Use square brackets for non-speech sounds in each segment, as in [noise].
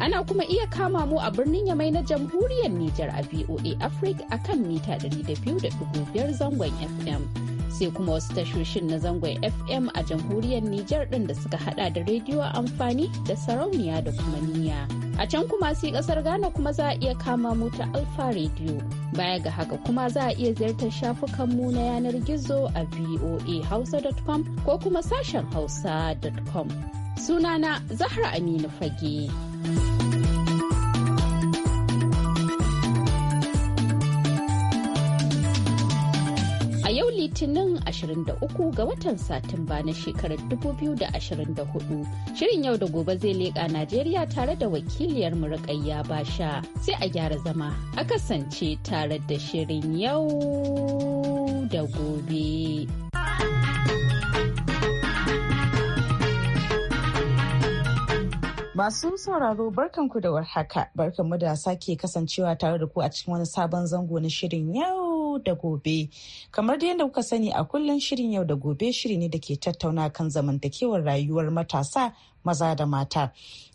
Ana kuma iya kama mu a birnin Yamai na jamhuriyar Nijar a VOA Africa a kan mita 200.5 zangon FM. Sai kuma wasu tashoshin na zangon FM a jamhuriyar Nijar ɗin da suka hada da rediyo amfani da sarauniya da kuma niya. A can kuma sai kasar Ghana kuma za a iya kama mu ta Alfa rediyo Baya ga haka kuma za a iya ziyartar shafukanmu na yanar gizo a voahausa.com ko kuma sashen hausa.com. Sunana Zahra Aminu Fage. A yau Litinin 23 ga watan Satumba na shekarar 2024, shirin yau da gobe zai leƙa Najeriya tare da wakiliyar Murƙayya Basha sai a gyara zama a kasance tare da shirin yau da gobe. Masu sauraro barkanku da warhaka, barkanmu da sake kasancewa tare da ku a cikin wani sabon zango na shirin yau da gobe. Kamar da yadda kuka sani a kullum shirin yau da gobe shiri ne da ke tattauna kan zamantakewar rayuwar matasa maza da mata.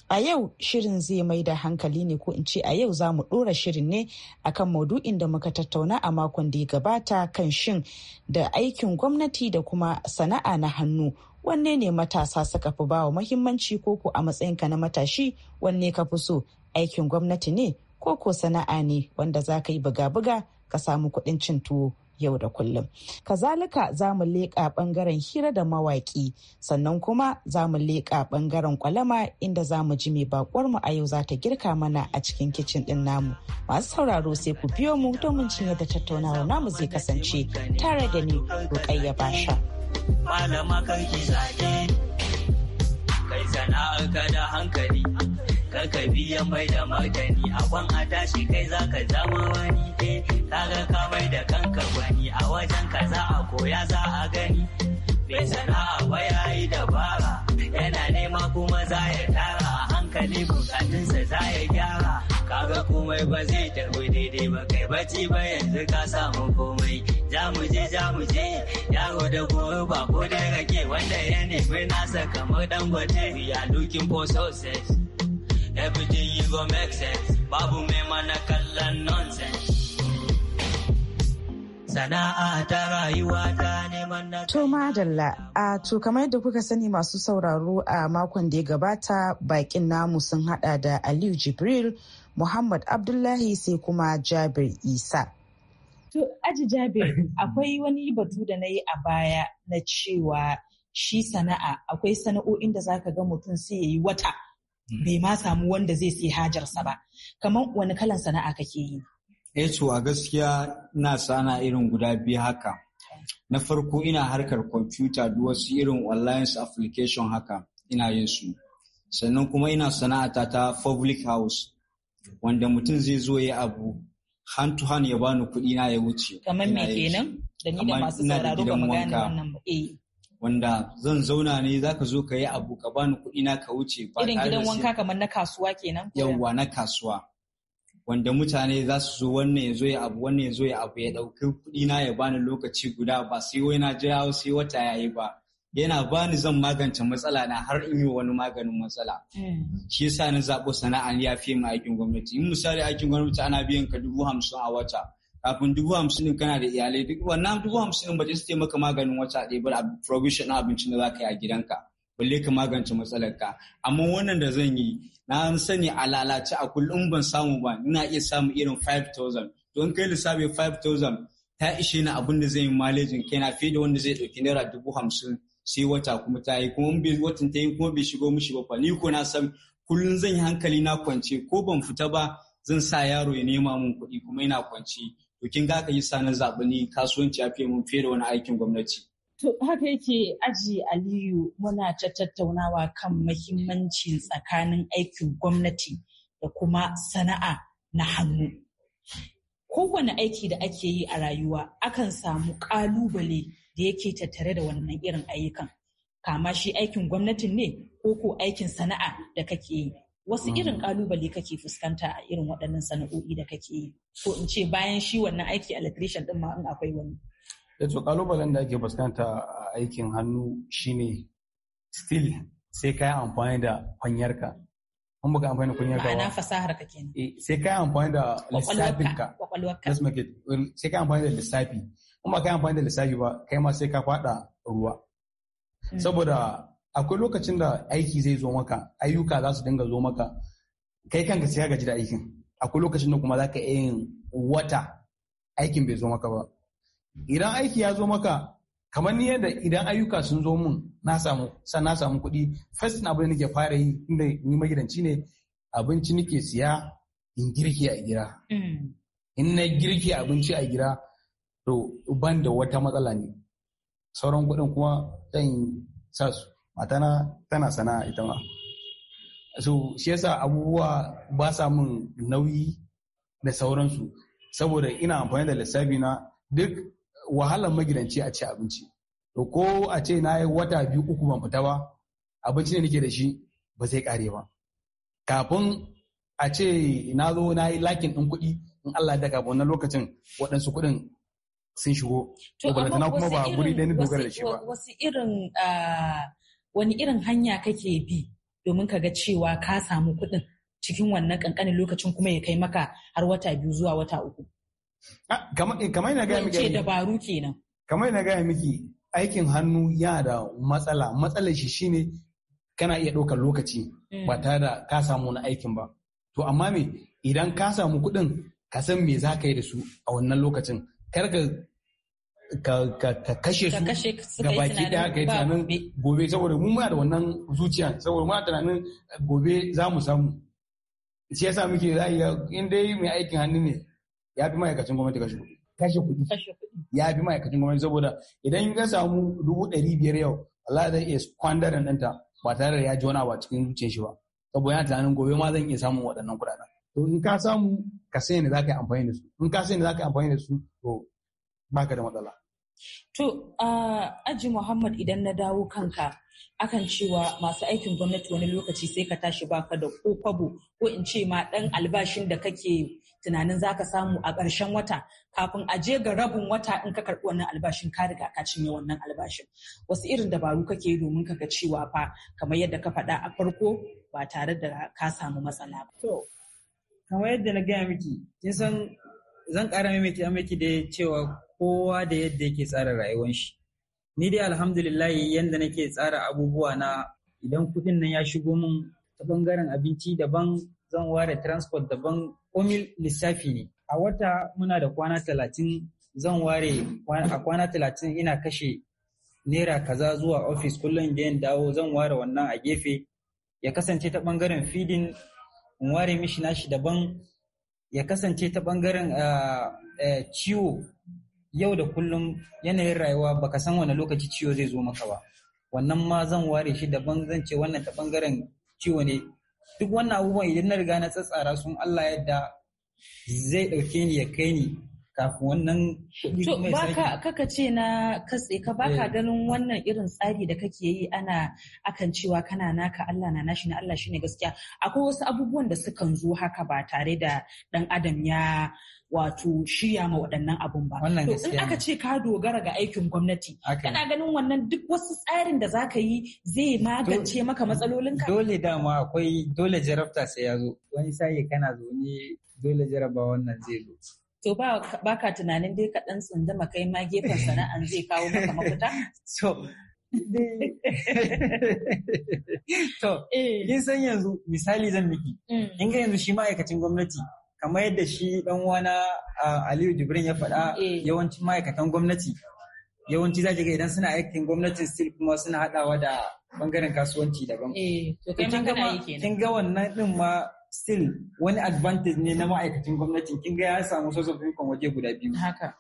A yau shirin zai mai da hankali ne ko in ce a yau za mu ɗora shirin ne akan maudu'in da muka tattauna a makon da ya gabata kan shin da aikin gwamnati da kuma sana'a na hannu wanne ne matasa suka fi bawa mahimmanci koko a matsayinka na matashi wanne ka fi so aikin gwamnati ne koko sana'a ne wanda za ka yi buga-buga ka samu kuɗin cin tuwo yau da kullum. Kazalika za mu leƙa ɓangaren hira da mawaƙi sannan kuma za mu leƙa ɓangaren kwalama inda za mu ji mai bakwar mu a yau za ta girka mana a cikin kicin ɗin namu. Masu sauraro sai ku biyo mu domin cin yadda tattaunawa namu zai kasance tare da ni Rukayya Basha. malama kar ki zage kai sana'ar ka da hankali ka biya mai da A kwan a tashi kai za ka zama wani eh kaga ka mai da kanka gwani a wajen ka za a koya za a gani komai ba zai tafi daidai ba kai bacci ba yanzu ka samu komai za mu je za mu je yaro da goro ba ko da rage wanda ya nemi nasa kamar dan gwate ya looking for success everything you go make sense babu mai mana kallon nonsense to madalla a to kamar yadda kuka sani masu sauraro a makon da ya gabata bakin namu sun hada da aliyu jibril muhammad abdullahi sai kuma jabir isa to aji jabir akwai wani batu da na yi a baya na cewa shi sana'a akwai sana'o'in da za ka ga mutum sai ya yi wata bai ma samu wanda zai sai hajarsa ba kamar wani kalan sana'a kake yi eh to a gaskiya na sana irin guda biyu haka na farko ina harkar kwamfuta duk wasu irin online application haka ina yin su sannan kuma ina sana'ata ta public house wanda mutum zai zo ya abu hand to hand ya bani kuɗi na ya wuce. Kamar me kenan? Da ni da masu sauraro ba mu gane wannan ba. Eh. Wanda zan zauna ne za ka zo ka yi abu ka bani kuɗi na ka wuce. Irin gidan wanka kamar na kasuwa kenan? Yawwa na kasuwa. Wanda mutane za su zo wannan ya zo ya abu wannan ya zo ya abu ya ɗauki kuɗi na ya bani lokaci guda ba sai wai na jira sai wata ya yi ba. yana bani zan magance matsala na har in yi wani maganin matsala eh. shi yasa na zaɓo sana'a ya fi ma aikin gwamnati in misali aikin gwamnati ana biyan ka dubu hamsin a wata kafin dubu hamsin din kana da iyalai duk wannan dubu hamsin ɗin ba ta maka maganin wata ɗaya ba provision na abincin da za ka yi a gidanka balle ka magance matsalar ka amma wannan da zan yi na sani a lalace a kullum ban samu ba ina iya samu irin 5000 don kai lissafi 5000 ta ishe na abin da zai yi malejin kai na fiye da wanda zai ɗauki naira dubu hamsin sai wata kuma ta yi kuma bai watan ta yi kuma bai shigo mishi ba fa ni ko na san kullum zan yi hankali na kwance ko ban fita ba zan sa yaro ya nema mun kuɗi kuma ina kwance to kin ga ka yi sa na zaɓi ni kasuwanci ya fiye mun fiye da wani aikin gwamnati. To haka yake aji Aliyu muna ta tattaunawa kan mahimmanci tsakanin aikin gwamnati da kuma sana'a na hannu. Kowane aiki da ake yi a rayuwa akan samu ƙalubale da yake tattare da wannan irin ayyukan kama shi aikin gwamnatin ne ko ko aikin sana'a da kake yi wasu mm. irin kalubale kake fuskanta a irin waɗannan sana'o'i da kake yi ko in ce bayan shi wannan aiki electrician din ma in akwai wani yato eh kalubalen da ake fuskanta a aikin hannu shine still sai ka yi amfani da kwanyarka an baka amfani da kunyar gawa. Ma'ana fasahar ka kenan. Eh, sai ka amfani da lissafinka Kwakwalwarka. Sai ka amfani da lissafi. in ba ka yi amfani da lissafi ba kai ma sai ka faɗa ruwa hmm. saboda akwai lokacin da aiki zai zo maka ayyuka za su dinga zo maka kai kanka sai ka gaji da aikin akwai lokacin da kuma za ka yin wata aikin bai zo maka ba idan aiki ya zo maka kamar ni yadda idan ayyuka sun zo mun na samu san na samu kuɗi first na da nake fara yi inda ni magidanci ne abinci nake siya in girki a gida hmm. in na girki abinci a gida to ban da wata matsala ne sauran kuɗin kuma zan sa su matana tana sana'a ita ma so shi yasa abubuwa ba sa min nauyi da sauransu saboda ina amfani da lissafi na duk wahalar magidanci a ci abinci to ko a ce na yi wata biyu uku ban fita ba abinci ne nake da shi ba zai kare ba kafin a ce na zo na yi lakin ɗin kuɗi in Allah da kafin na lokacin waɗansu kuɗin sun shigo balantana kuma ba guri ɗaya na dogara da shi ba wasu irin wani irin hanya kake bi domin ka ga cewa ka samu kuɗin cikin wannan kankanin lokacin kuma ya kai maka har wata biyu zuwa wata uku eh, kamar yana gaya miki dabaru kenan kamar yana gaya miki aikin hannu yana da matsala matsalar shi shine kana iya ɗaukar lokaci mm. ba tare da ka samu wani aikin ba to amma me idan ka samu kuɗin ka san me za ka yi da su a wannan lokacin kar ka kashe su ga baki daya ka yi tunanin gobe saboda mun muna da wannan zuciya saboda muna tunanin gobe za mu samu shi yasa muke za in dai mai aikin hannu ne ya fi ma'aikacin gwamnati kashe kuɗi kashe kuɗi ya fi ma'aikacin gwamnati saboda idan ka samu dubu ɗari biyar yau Allah zai iya kwandaren ɗanta ba tare da ya ji wani abu a cikin zuciyar shi ba saboda yana tunanin gobe ma zan iya samun waɗannan kuɗaɗen to in ka samu ka sai ne za ka yi amfani da su in ka sai ne za ka yi amfani da su to ba ka da matsala to aji muhammad idan na dawo kanka akan cewa masu aikin gwamnati wani lokaci sai ka tashi ba ka da ko kwabo ko in ce ma dan albashin da kake tunanin za ka samu a ƙarshen wata kafin a je ga rabin wata in ka karɓi wannan albashin ka riga ka cinye wannan albashin wasu irin dabaru kake domin ka ga cewa fa kamar yadda ka faɗa a farko ba tare da ka samu matsala ba. kamar yadda na gaya miki kin san zan ƙara mai miki da cewa kowa da yadda yake tsara rayuwar shi ni dai alhamdulillah yadda nake tsara abubuwa na idan kudin nan ya shigo min ta bangaren abinci daban zan ware transport daban mil lissafi ne a wata muna da kwana talatin zan ware a kwana talatin ina kashe naira kaza zuwa ofis kullum da dawo zan ware wannan a gefe ya kasance ta bangaren feeding in ware mishi nashi daban ya kasance ta bangaren ah, eh, ciwo yau da kullum yanayin rayuwa baka san wani lokaci ciwo zai zo maka ba wannan ma zan ware shi daban zan ce wannan ta bangaren ciwo ne duk wannan abubuwan idan na riga na tsatsara sun Allah yadda zai ɗauke ni ya kai ni kafin wannan kuɗi kuma ya sake. kaka ce na katse ka baka eh. ganin wannan irin tsari da kake yi ana akan cewa kana naka Allah na nashi na Allah shine gaskiya akwai wasu abubuwan da sukan zo haka ba tare da dan adam ya wato shirya ma waɗannan abun ba. Wannan gaskiya. In aka ce ka dogara ga aikin gwamnati, kana ganin wannan duk wasu tsarin da zaka yi zai magance maka matsalolinka. Dole dama akwai dole jarabta sai ya zo. Wani sa'i kana zo ne dole jaraba wannan zai zo. to ba ka tunanin dai kaɗan tsunduma kai ma gefen sana'an zai kawo maka mafita? [laughs] So, [laughs] to, eh. kin san yanzu misali zan miki, mm. in ga yanzu shi ma'aikacin gwamnati kamar yadda shi dan wana Aliyu Jibrin ya faɗa eh. yawancin ma'aikatan gwamnati yawanci za ga idan suna aikin gwamnatin still kuma suna haɗawa da bangaren kasuwanci daban. Eh, to kai yi kenan. Kin ga wannan ɗin ma still wani advantage ne na ma'aikacin gwamnatin kin ga ya samu source of income waje guda biyu haka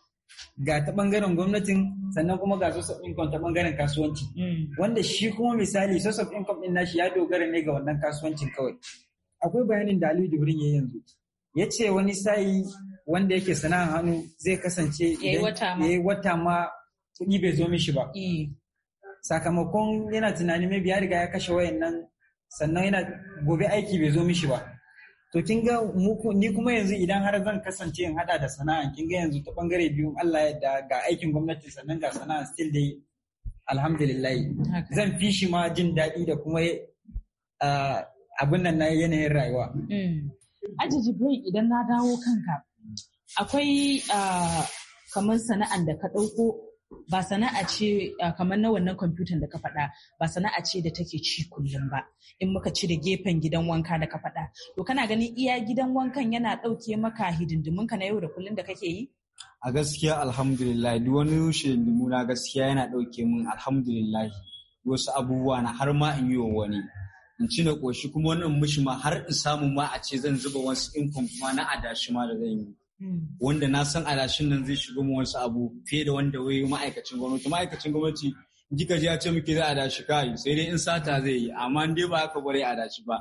ga ta bangaren gwamnatin sannan kuma ga source of income ta bangaren kasuwanci hmm. wanda shi kuma misali source of income din nashi ya dogara ne ga wannan kasuwancin kawai akwai bayanin da Aliyu Jibrin ya yanzu ya ce wani sa'i wanda yake sana'ar hannu zai kasance ya yi wata ma kuɗi bai zo mishi ba eh. sakamakon yana tunanin mai biya riga ya kashe wayannan sannan yana gobe aiki bai zo mishi ba to kin ga ni kuma yanzu idan har zan kasance in hada da sana'a kin ga yanzu ta bangare biyu Allah ya da ga aikin gwamnati sannan ga sana'a still dai alhamdulillah zan fi shi ma jin daɗi da kuma abin nan na yanayin rayuwa mm. aji jibril idan na dawo kanka akwai kamar sana'an da ka ɗauko ba sana'a ce kamar na wannan kwamfutan da ka faɗa ba sana'a ce da take ci kullum ba in muka ci da gefen gidan wanka da ka faɗa to kana ganin iya gidan wankan yana ɗauke maka hidindimin ka na yau da kullum da kake yi a gaskiya alhamdulillah duk wani hidindimu na gaskiya yana ɗauke min alhamdulillah wasu abubuwa na har ma in yi wa wani in ci na ƙoshi kuma wani in mishi ma har in samu ma a ce zan zuba wasu in kuma na adashi ma da zan yi Hmm. wanda na san adashin nan zai shigo mu wasu abu fiye da wanda wai ma'aikacin gwamnati ma'aikacin gwamnati kika ji a ce muke za a dashi kai sai dai in sata zai yi amma dai ba haka bare a dashi ba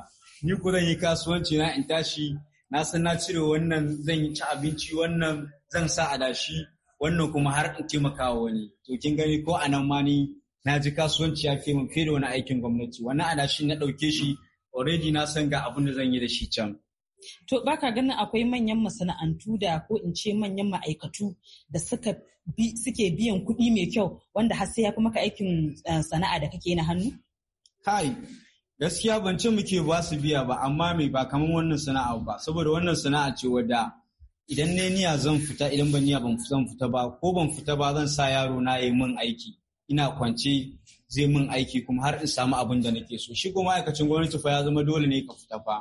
ni ko zan yi kasuwanci na in tashi na san na cire wannan zan yi ci abinci wannan zan sa a dashi wannan kuma har in taimaka wa wani to kin gani ko a nan ma ni na ji kasuwanci ya ke mun fiye da wani aikin gwamnati wannan adashi na dauke shi already na san ga abin da zan yi da shi can To baka ganin akwai manyan masana'antu da ko in ce manyan ma'aikatu da suka bi, suke biyan kuɗi mai kyau wanda har sai ya fi maka aikin eh, sana'a da kake na hannu? Kai, gaskiya ban ce muke ba su biya ba amma mai ba kamar wannan sana'a ba saboda wannan sana'a ce wadda idan ne niya zan fita idan ban niya ban zan fita ba ko ban fita ba zan sa yaro na yi min aiki ina kwance zai min aiki kuma har in samu abin da nake so shi kuma ma'aikacin gwamnati fa ya zama dole ne ka fita fa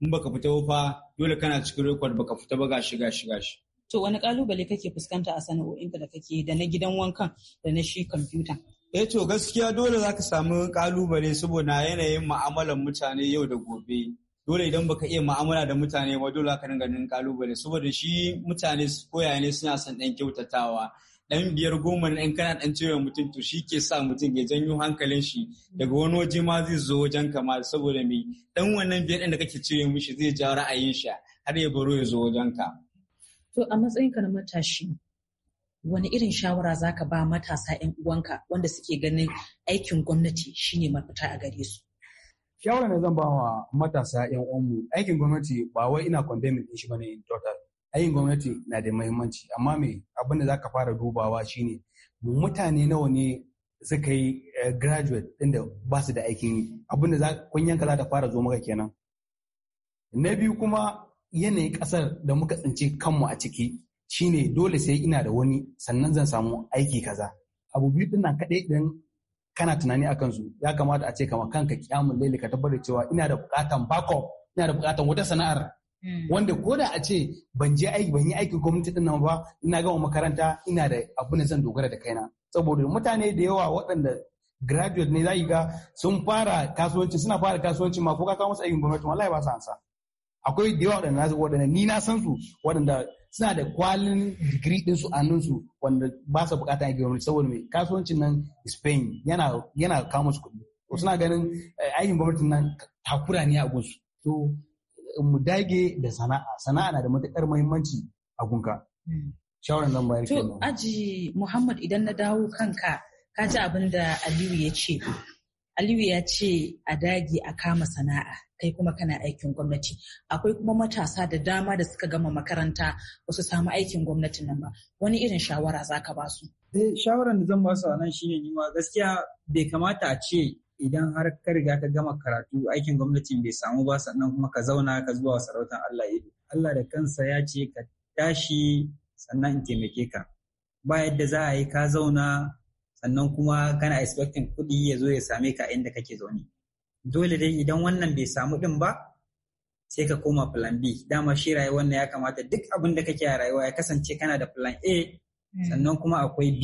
in baka fita fa dole kana cikin rekod baka fita ba ga shiga shiga shi to wani kalubale kake fuskanta a sana'o'inka da kake da na gidan wankan da na shi kwamfuta eh to gaskiya dole zaka samu kalubale saboda yanayin mu'amalar mutane yau da gobe dole idan baka iya mu'amala da mutane ba dole zaka dinga ganin kalubale saboda shi mutane koyaye ne suna son dan kyautatawa ɗan biyar goma na in kana ɗan cewa mutum to shi ke sa mutum ya janyo hankalin shi daga wani waje ma zai zo wajen kama saboda mai ɗan wannan biyar ɗin da kake cewa mishi zai ja ra'ayin shi har ya baro ya zo wajen ka. To a matsayin ka na matashi wani irin shawara za ka ba matasa 'yan uwanka wanda suke ganin aikin gwamnati shine mafita a gare su? Shawara da zan ba wa matasa 'yan uwanmu aikin gwamnati ba wai ina condemning shi bane in total. ayin gwamnati na da mahimmanci amma me abin da za ka fara dubawa shine mutane nawa ne suka yi eh, graduate ɗin da ba su da aikin yi abin da kunyanka za ta fara zo maka kenan na biyu kuma yanayin kasar da muka tsince kanmu a ciki shine dole sai ina da wani sannan zan samu aiki kaza abu biyu kaɗai idan kana tunani akan su ya kamata a ce kama kanka kyamun laili ka tabbatar cewa ina da buƙatan backup ina da buƙatan wata sana'ar Hmm. wanda ko da a ce ban je aiki ban yi aikin gwamnati din nan ba ina gama makaranta ina da abu ne zan dogara da kaina saboda mutane da yawa waɗanda graduate ne zai ga sun fara kasuwanci suna fara kasuwanci ma ko ka kawo musu aikin gwamnati wallahi ba su ansa akwai da yawa waɗanda waɗanda ni na san su waɗanda suna da kwalin digiri din su annun su wanda ba su bukata aikin gwamnati saboda mai kasuwancin nan Spain yana yana kawo musu kuɗi suna ganin eh, aikin gwamnati nan takura ne a gunsu to mu dage da sana'a sana'a na da matuƙar muhimmanci a gunka hmm. shawaran nan bayar to aji muhammad idan na dawo kanka ka ji abin da aliyu ya ce aliyu ya ce a dage a kama sana'a kai kuma kana aikin gwamnati akwai kuma matasa da dama da suka gama makaranta ba su samu aikin gwamnatin nan ba wani irin shawara za ka ba su eh, shawaran da zan ba su a nan shine ma. gaskiya bai kamata a ce idan har ka riga ka gama karatu aikin gwamnatin bai samu ba sannan kuma ka zauna ka zuwa sarautar Allah ido Allah da kansa ya ce ka tashi sannan in taimake ka ba yadda za a yi ka zauna sannan kuma kana expecting kuɗi ya zo ya same ka inda kake zaune dole dai idan wannan bai samu ɗin ba sai ka koma plan B dama shi rayuwar ya kamata duk abin da kake a rayuwa ya kasance kana da plan A hmm. sannan kuma akwai B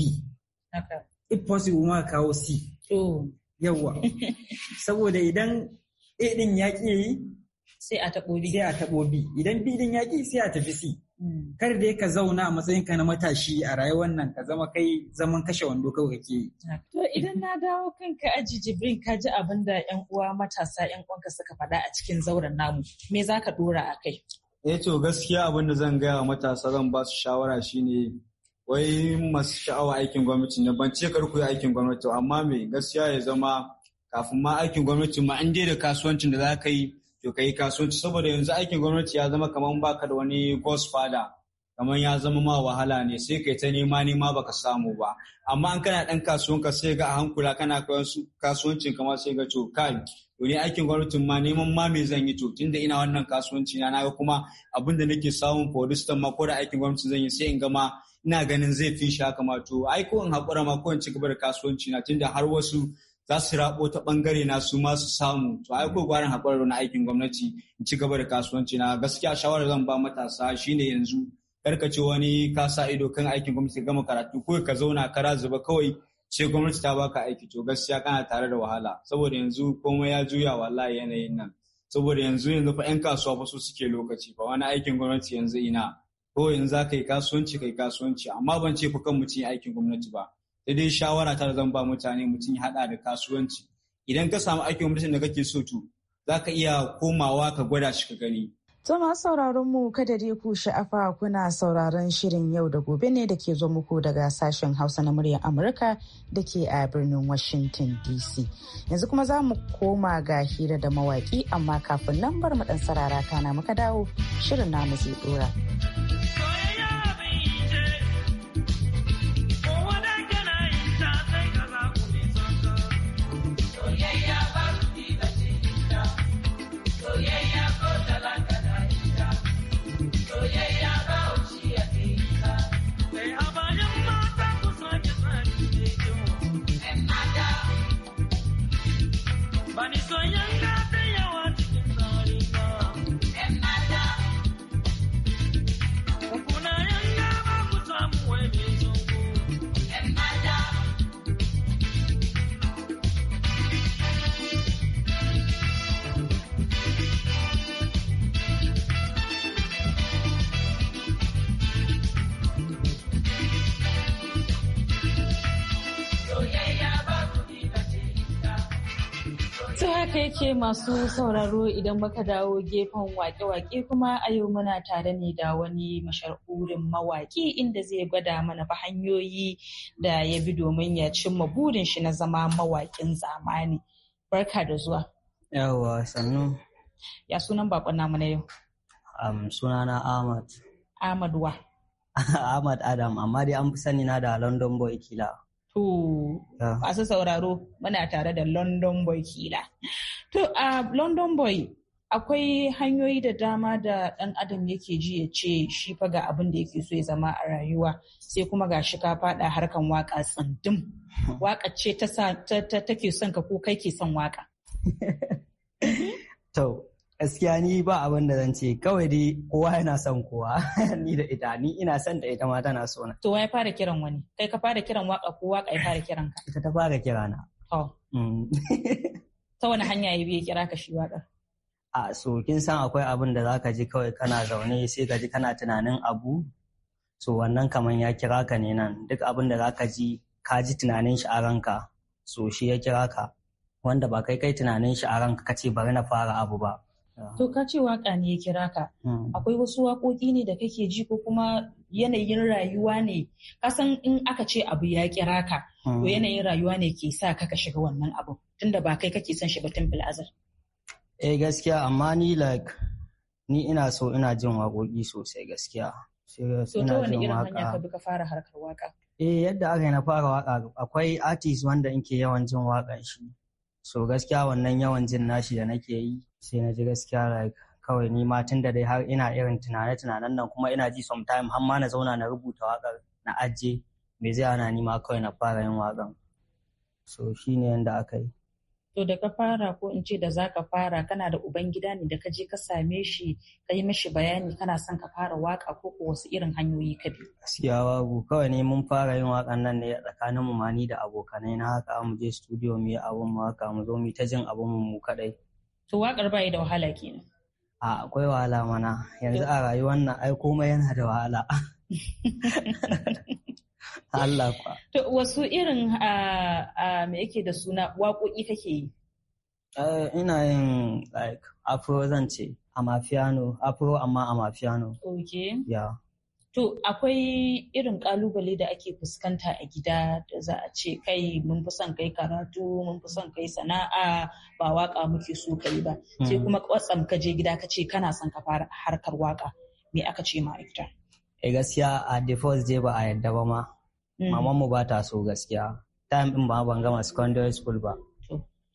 if possible ma kawo C Yawwa. Saboda idan A din ya ki yi sai a tabo bi Sai a tabo bi Idan B din ya ki sai a tafi C. Hmm. Kar da ka zauna a matsayin ka na matashi a rayuwar nan ka zama kai zaman kashe wando kawai kake yi. To idan na dawo kanka aji Jibrin ka ji abin da ƴan uwa matasa ƴan uwanka suka faɗa a cikin zauren namu me za ka a kai? Eh to gaskiya abin da zan gaya wa matasa zan ba su shawara shine wai masu sha'awa aikin gwamnati na ban ce ku yi aikin gwamnati amma me gaskiya ya zama kafin ma aikin gwamnati ma an da kasuwancin da za ka yi to ka yi kasuwanci saboda yanzu aikin gwamnati ya zama kamar baka da wani godfather kamar ya zama ma wahala ne sai kai ta nema nema baka samu ba amma an kana dan kasuwanka sai ga a hankula kana kasuwancin kamar sai ga to kai to ne aikin gwamnatin ma neman ma me zan yi to tunda ina wannan kasuwanci na ga kuma abin da nake samun for ma ko da aikin gwamnati zan yi sai in ga ina ganin zai fi shi haka mato ai ko in haƙura ma ko in ci gaba da kasuwanci na tunda har wasu za su rabo ta bangare na su ma su samu to ai ko gwarin haƙura na aikin gwamnati in ci gaba da kasuwanci na gaskiya shawarar zan ba matasa shine yanzu karka ce wani ka sa ido kan aikin gwamnati gama karatu ko ka zauna ka zuba kawai sai gwamnati ta baka aiki to gaskiya kana tare da wahala saboda yanzu komai ya juya wallahi yanayin nan saboda yanzu yanzu fa 'yan kasuwa ba su suke lokaci Ba wani aikin gwamnati yanzu ina ko in za ka yi kasuwanci ka yi kasuwanci amma ban ce kan mutum aikin gwamnati ba sai dai shawara ta zan ba mutane mutum ya haɗa da kasuwanci idan ka samu aikin gwamnati da kake so to za ka iya komawa ka gwada shi ka gani To masu sauraron mu kada dai ku sha'afa kuna sauraron shirin yau da gobe ne da ke zo muku daga sashen Hausa na muryar Amurka da ke a birnin Washington DC. Yanzu kuma za mu koma ga hira da mawaki amma kafin nan bar mu dan sarara kana muka dawo shirin namu zai dora. masu sauraro idan muka dawo gefen wake-wake kuma a yau muna tare ne da wani masharurin mawaki inda zai gwada mana ba hanyoyi da ya bi domin ya cimma burin shi na zama mawakin zamani. Barka da zuwa. Yawwa sannu. Ya sunan bakon namu na yau. Um, sunana Ahmad. Ahmad wa. [laughs] Ahmad Adam amma dai an fi sani na da London Boy Kila. To, ah. masu sauraro muna tare da London Boy kila. To, a London Boy akwai hanyoyi da dama da ɗan adam yake ji ya ce shi fa ga abin da yake so ya zama a rayuwa sai kuma ga shi ka faɗa harkan waka tsandum [laughs] waka ce ta take son ka ko kai ke son waka. To, gaskiya ni ba abin da zan ce kawai dai kowa yana son kowa [laughs] ni da ita ni ina son da ita ma tana so na to wai fara kiran wani kai ka fara kiran waka ko waka ya fara kiran ka ita ta fara kira na mm. [laughs] ta wani hanya ya biya kira ka shi waka a so kin san akwai abin da zaka ji kawai kana zaune sai ka ji kana tunanin abu so wannan kaman ya kira ka ne nan duk abin da zaka ji ka ji tunanin shi a ranka so shi ya kira ka wanda ba kai kai tunanin shi a ranka kace bari na fara abu ba To ka ce waka ne ya kira ka. Hmm. Akwai wasu waƙoƙi ne da kake ji ko kuma yanayin rayuwa ne. Ka in aka ce abu ya kira ka, to hmm. yanayin rayuwa ne ke sa ka shiga wannan abu. Tunda ba kai kake son shi ba tun filazar. Eh gaskiya amma ni like ni ina so ina jin waƙoƙi sosai gaskiya. So ta wani irin hanya ka bi ka fara harkar waka? Eh yadda aka yi na fara waka akwai artist wanda in ke yawan jin waƙa shi. so gaskiya wannan yawan jin nashi da nake yi sai na ji gaskiya like kawai ni ma tun da dai har ina irin tunane tunanen nan kuma ina ji sometime har ma na zauna na rubuta waƙar na ajiye me zai ana ni ma kawai na fara yin waƙar? so shine yanda aka yi to da ka fara ko in ce da za ka fara kana da ubangida ne da ka je ka same shi ka yi mashi bayani kana son ka fara waka ko wasu irin hanyoyi ka bi gaskiya babu kawai ne mun fara yin wakan nan ne tsakanin mu mani da abokanai na haka mu je studio mu yi abun mu haka mu zo mu ta jin abun mu kadai to wakar bai da wahala kenan a akwai wahala mana yanzu a rayuwar nan ai komai yana da wahala [laughs] [laughs] Allah kwa. To wasu irin me yake da suna waƙoƙi kake yi? Eh, ina yin like afro zan ce amafiano afro amma amafiano. Ok. Ya. To akwai irin ƙalubale da ake fuskanta a gida da za a ce kai mun fi son kai karatu mun fi son kai sana'a ba waƙa muke so kai ba. Sai hmm. kuma kwatsam ka je gida ka ce kana son ka fara harkar waƙa. me aka ce ma a gida? e gaskiya a the first ba a yadda ba ma hmm. maman mu ba ta so gaskiya time din ba ban gama secondary school ba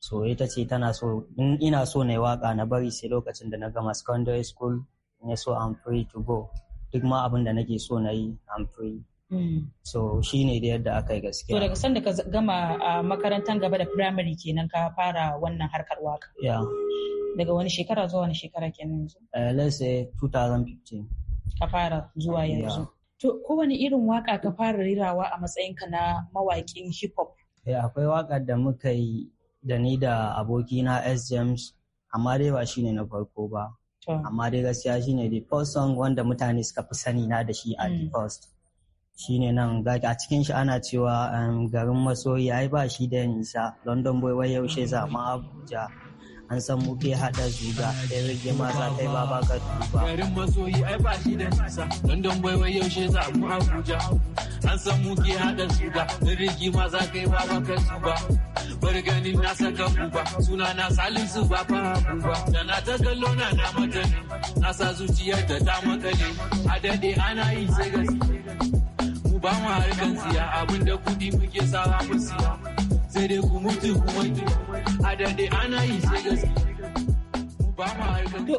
so ita ce tana so in ina so na yi waka na bari sai lokacin da na gama secondary school ne so I'm free to go duk ma abin da nake so na yi I'm free hmm. So shi ne da yadda aka yi gaskiya. So daga sanda ka gama a makarantar gaba da primary kenan ka fara wannan harkar waka. Yeah. Daga wani shekara zuwa wani shekara kenan yanzu? Eh, let's say 2015. ka fara zuwa yanzu. To kowane irin waka ka fara rirawa a matsayinka na mawaƙin hip hop? Eh, akwai waka da muka yi da ni da abokina S James amma dai ba shine na farko ba. Amma dai gaskiya shine the first song wanda mutane suka fi sani na da shi a the mm. first. shine nan a cikin shi ana cewa um, garin masoyi ai ba shi da nisa london boy wai yaushe za ma abuja an san muke haɗa zuga da rage maza kai ba ka duba. Garin masoyi ai ba shi da nisa don wai yaushe za mu Abuja. An san muke haɗa zuga da rage maza kai ba ka duba. Bari ganin na saka buba suna na salisu ba fa buba. Da na ta kallo na na matani na sa zuciyar da ta makale. A daɗe ana yi sai gaske. Mu ba mu harkan siya abinda kuɗi muke sawa mu siya. sai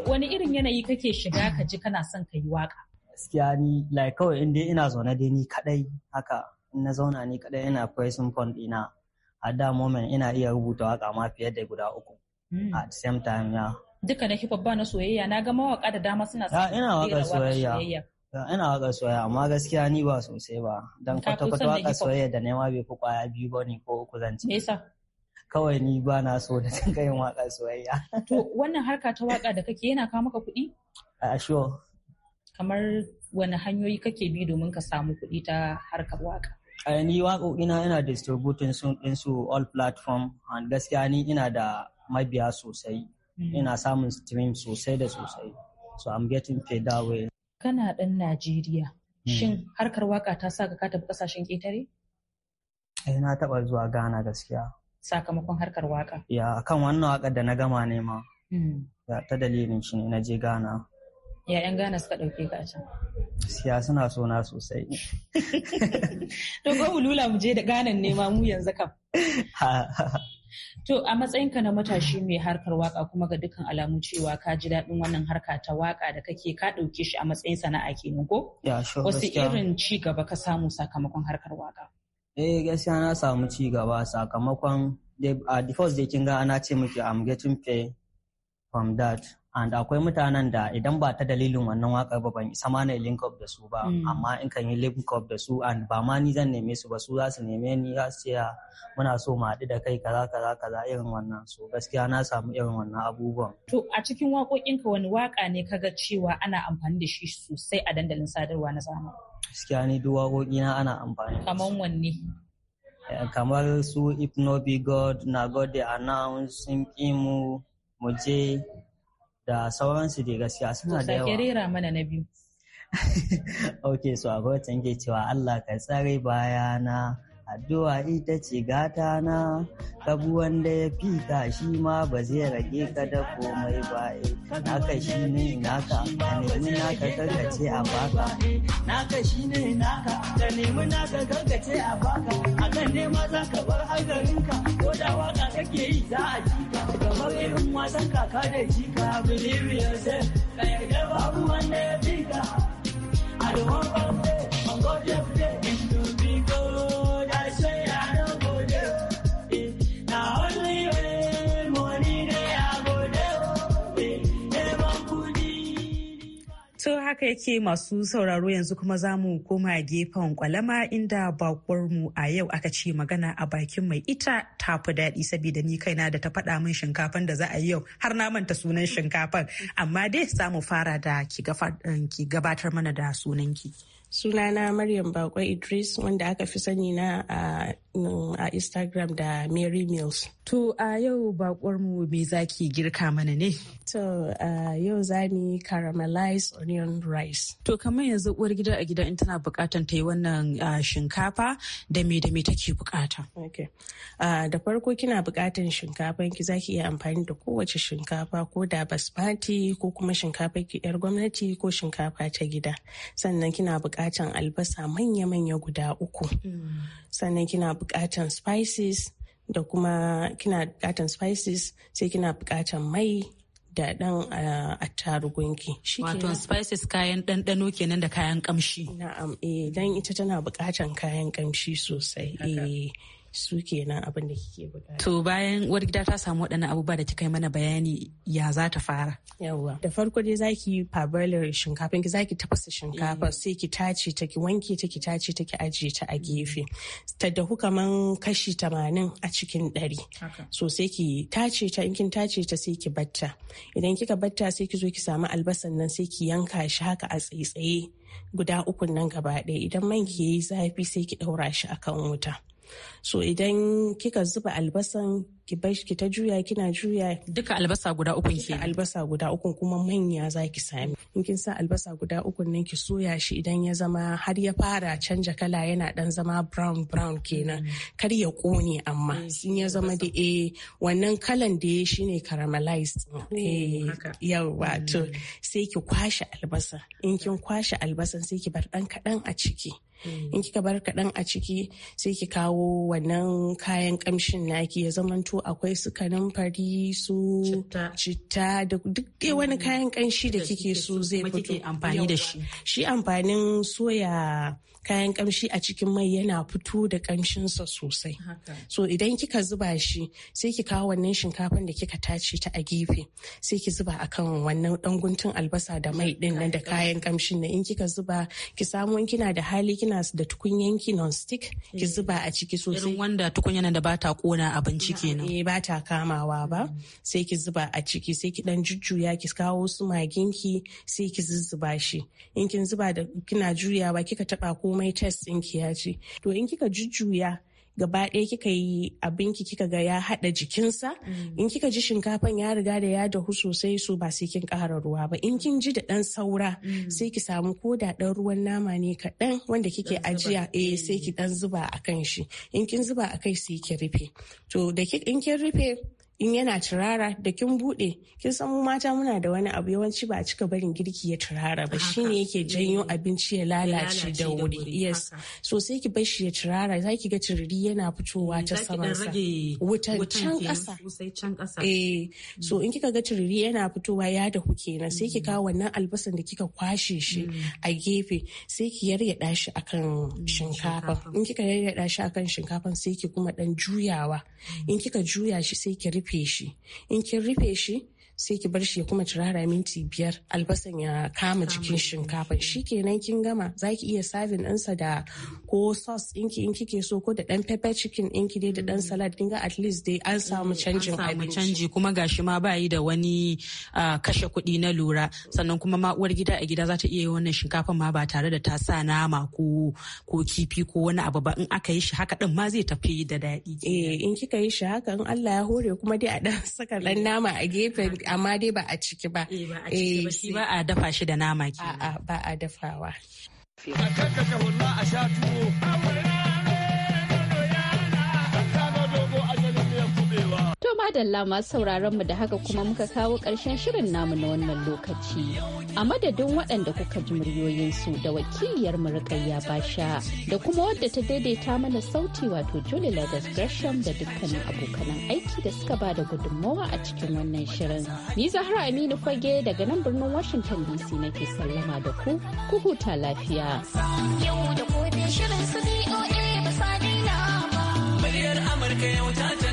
Wani irin yanayi kake shiga ka ji kana son ka yi waka? Gaskiya ni like kawai in dai ina zaune dai ni kadai haka in na zauna ni kadai ina pressing phone ɗina a da moment ina iya rubuta waka ma fiye da guda uku. Hmm. At same time ya. Duka na hip hop ba na soyayya na ga mawaka da dama suna sa. Ina waka soyayya. ina waka soyayya amma gaskiya ni ba sosai ba dan kwata kwata waka soyayya da nema bai fi kwaya biyu ba ne ko uku zance nesa kawai ni ba na so da tun yin waka soyayya to wannan harka ta waka da kake yana kawo maka kuɗi a sure kamar wani hanyoyi kake bi domin ka samu kuɗi ta harkar waka a ni waƙo ina distributing sun su all platform and gaskiya ni ina da mabiya sosai mm-hmm. ina samun stream sosai da sosai so i'm getting paid that way kana ɗan Najeriya, shin hmm. harkar waka ta sa ka tafi ƙasashen ƙetare? Eh na taɓa zuwa Ghana gaskiya. Sakamakon harkar waka? Ya kan wannan waka da na gama ne ma. Hmm. Ta dalilin shi ne na je Ghana. Ya'yan Ghana suka ɗauke ka a can. Siya suna so na sosai. [laughs] To ko mu lula mu je da Ghana ne ma mu yanzu kam. [laughs] To a matsayinka na matashi mai harkar waka kuma ga dukkan alamu cewa ka ji daɗin wannan harka ta waka da kake ka ɗauke shi a matsayin sana'a kenan ko? Wasu irin ci gaba ka samu sakamakon harkar waka? Eh gaskiya na samu ci gaba sakamakon a the first day kin ga ana ce miki I'm getting pay from that and akwai mutanen da idan ba ta dalilin wannan wakar ba ban isa ma na link up da su ba mm. amma in kan yi link up da su and ba ma ni zan neme su ba su za su neme ni za su ya muna so mu haɗu da kai kaza kaza kaza irin wannan so gaskiya na samu irin wannan abubuwan to a cikin waƙoƙinka wani waka ne kaga cewa ana amfani da shi sosai a dandalin sadarwa na zamani gaskiya ni duk waƙoƙina ana amfani kaman wanne eh, kamar su if no be god na god dey announce sun mu mu je da sauransu dai gaskiya suna da yawa. rera mana na biyu. [laughs] ok so akwai wata nke cewa Allah ka tsare bayana addu'a ita ce gata na kabu wanda ya fi ka. shi ma ba zai rage ka da komai ba naka shi ne naka ka nemi naka karkace a baka naka shi ne naka ka nemi naka karkace a baka akan nema za ka bar hagarinka ko da waka kake yi za a ji san kaka da jika believe yourself ka babu wanda ya fi ka I don't want to say, I'm haka yake masu sauraro yanzu kuma za mu koma gefen kwalama inda bakwarmu a yau aka ce magana a bakin mai ita ta fi daɗi saboda ni kaina da ta faɗa min shinkafan da za a yi yau har na manta sunan shinkafan amma dai za mu fara da ki eh, gabatar mana da sunan sunanki. Sunana Maryam Bakwai Idris wanda aka fi sani na ah, mm, a Instagram da Mary Mills. To a yau bakwarmu me zaki girka mana ne? To a yau za mu onion rice. To kamar yanzu uwar gida a gida in tana bukatan ta yi wannan shinkafa da me da me take bukata. Okay. da farko kina bukatan shinkafan ki zaki iya amfani da kowace shinkafa ko da basmati ko kuma shinkafa ki yar gwamnati ko shinkafa ta gida. Sannan kina bukatan albasa manya-manya guda uku. Hmm. Sannan kina bukatan spices da kuma kina bukatan spices sai kina bukatan mai da dan ah, attarugunki wato spices kayan ɗanɗano kenan da kayan kamshi na'am eh dan ita tana bukatan kayan kamshi sosai eh su kenan abin da kike bukata. To bayan uwar gida ta samu waɗannan abubuwa da kika yi mana bayani ya za ta fara? Yawwa. Da farko dai ki yi fabalar shinkafin ki zaki tafasa shinkafa eh. sai ki tace ta ki wanke ta ki tace ta ki ajiye ta a gefe. Ta dahu kaman kashi tamanin a cikin ɗari. So sai ki tace ta in kin tace ta sai ki batta. Idan kika batta sai ki zo ki samu albasan nan sai ki yanka shi haka a tsaitsaye guda ukun nan gaba ɗaya idan man ki yayi zafi sai ki ɗaura shi akan wuta. so idan kika zuba albasan ki ki ta juya kina juya duka albasa guda uku ke albasa guda uku kuma manya za ki sami in kin sa albasa guda uku nan ki soya shi idan ya zama har ya fara canja kala yana dan zama brown brown kenan mm. kar ya kone amma eh, in ya zama da eh wannan kalan da ya shine caramelized eh, eh yawa to mm. sai ki kwashe albasa in kin kwashe albasan sai ki bar dan kadan a ciki Mm. in kika bar kaɗan a ciki sai ki kawo wannan kayan kamshin naki ya zamanto akwai su kanumfari su citta da duk wani mm. kayan kanshi da kike so zai fito amfani da shi shi amfanin soya kayan kamshi a cikin mai yana fito da kamshinsa sosai so idan kika zuba shi sai ki kawo wannan shinkafan da kika tace ta a gefe sai ki zuba akan wannan dan guntun albasa da mai din nan da kayan kamshin na in kika zuba ki samu kina da hali kina da tukunyan ki non stick ki zuba a ciki sosai irin wanda tukunyan da ba ta kona abinci kenan eh ta kamawa ba mm. sai ki zuba a ciki sai ki dan jujjuya ki kawo su maginki sai ki zuzzuba shi in kin zuba da kina juyawa kika taba ko komai test ki ya ce to in kika jujjuya gaba ɗaya kika yi abinki kika ga ya haɗa jikinsa mm. in kika ji shinkafan ya riga da ya dahu sosai so ba sai kin ƙara ruwa ba in kin ji da ɗan saura mm. sai ki samu ko da ɗan ruwan nama ne kaɗan wanda kike ajiya eh mm. sai ki ɗan zuba a kan shi in kin zuba a kai sai ki rufe to da in kin rufe in yana turara da kin bude kin san mu mata muna da wani abu yawanci ba a cika barin girki ya turara ba shine yake janyo eh. abinci ya lalace da wuri yes so sai ki bar shi ya turara za ki ga turiri yana fitowa eh, ta saman sa wutan can kasa eh so mm. in kika ga tiriri yana fitowa ya dahu na. sai ki mm. kawo wannan albasan da kika kwashe shi mm. a gefe sai ki yaryada shi akan shinkafa in kika yaryada shi akan shinkafa sai ki kuma dan juyawa in kika juya shi sai ki rufe rufe in kin rufe sai ki bar shi ya kuma turara minti biyar albasan ya kama jikin shinkafa shi kenan kin gama za ki iya sabin ɗinsa da ko sauce ɗinki in kike so ko da ɗan pepper chicken ki dai da ɗan mm. salad kin ga at least dai an mm, samu canjin abinci. canji kuma gashi ma bayi da wani kashe kuɗi na lura sannan kuma ma uwar gida a gida za ta iya yi wannan shinkafa ma ba tare da ta sa nama ko ko kifi ko wani abu ba in aka yi shi haka ɗin ma zai tafi da daɗi. Eh in kika yi shi haka in Allah ya hore kuma dai a ɗan [laughs] saka ɗan nama a gefen amma dai ba a ciki ba eh ba a eh, dafa shi da nama ke a'a ba a dafawa a a sha tuwo To madalla masu sauraron mu da haka kuma muka kawo ƙarshen shirin namu na wannan lokaci. a madadin waɗanda kuka ji muryoyinsu da wakiliyar murƙayya basha da kuma wadda ta daidaita mana sauti wato Julie Ladas Gresham da dukkanin abokanan aiki da suka ba da gudunmawa a cikin wannan shirin. Ni Zahra Aminu Fage daga nan birnin Washington DC nake sallama da ku, ku huta lafiya. Yau da shirin su ba Amurka yau ta